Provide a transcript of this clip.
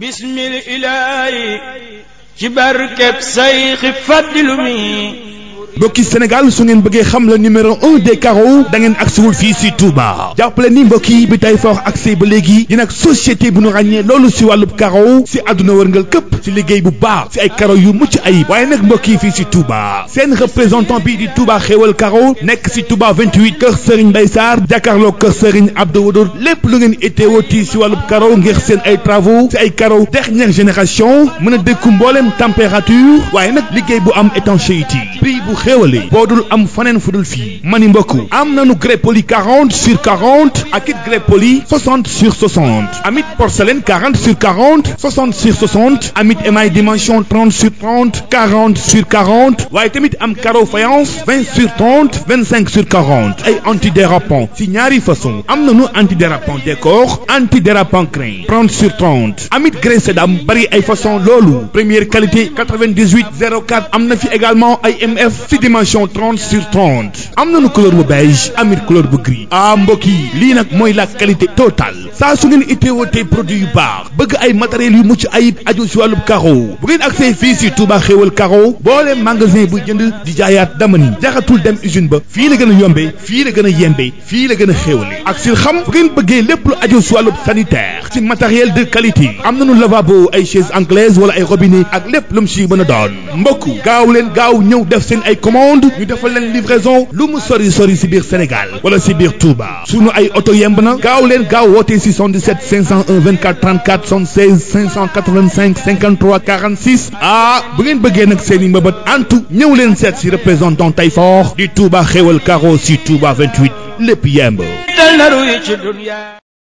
bismil ilaahi ci barkeb sayxi faddilu mi mbokki Sénégal su ngeen bëggee xam le numéro un des carreaux da ngeen agsiwul fii si Touba jàppale ni mbokk yi bi tay foox accès ba léegi dina ak société bu nu ràññee loolu si wàllub carreau si àdduna wërngal këpp ci liggéey bu baax si ay carreau yu mucc ayib waaye nag mbokk yi fii si Touba seen représentant bii di Touba xéewal carreau nekk si Touba 28 kër Serigne Mbaye Sarr jàkkaarloo kër Serigne Abdou Wadour lépp lu ngeen itteewoti si wàllub carreau ngir seen ay travaux si ay carreau dernière génération mën a dékku mbooleem température waaye nag liggéey bu am étanchéité pays bu xéewale boo dul am faneen fu dul fii mani mbokku am nanu grès poli 40 sur 40 ak it grès poli 60 sur 60 amit porcelaine 40 sur 40 60 sur 60 amit émail dimension 30 sur 30 40 sur 40 waaye tamit am carreau faïence sur 30 25 sur 40 ay antidérapant ci ñaari façon am nanu antidérapant décor antidérapant crin sur amit grès sédam bari ay façon loolu première qualité am na fi également ay MF ci dimension 30 sur 30 am nañu couleur bu beige amit couleur bu gris ah mbokk yi lii nag mooy la qualité totale sa su ngeen itteewatee produit yu baax bëgg ay matériel yu mucc ayib aju si wàllub carreau bu ngeen agsee fii si Touba xéewal carreau boole magasin bu jënd di jaayaat dama ni jaxatul dem usine ba fii la gën a yombee fii la gën a yembee fii la gën a xéewale ak si Sirxam fu ngeen bëggee lépp lu aju si wàllu sanitaire ci matériel de qualité am nañu lavabo ay chaise anglaise wala ay robinet ak lépp lu mu si mën a doon mbokk gaaw leen gaaw ñëw def seen ay commande ñu defal leen livraison lu mu sori sori si biir Sénégal wala si biir su nu ay oto yemb na gaaw leen gaaw woote si 77 501 24 34 76 585 53 46 ah bu ngeen bëggee nag seen i mëbët antu ñëw leen seet si représentant Tayfort di Touba xéwal caro si Touba 28 lépp yemb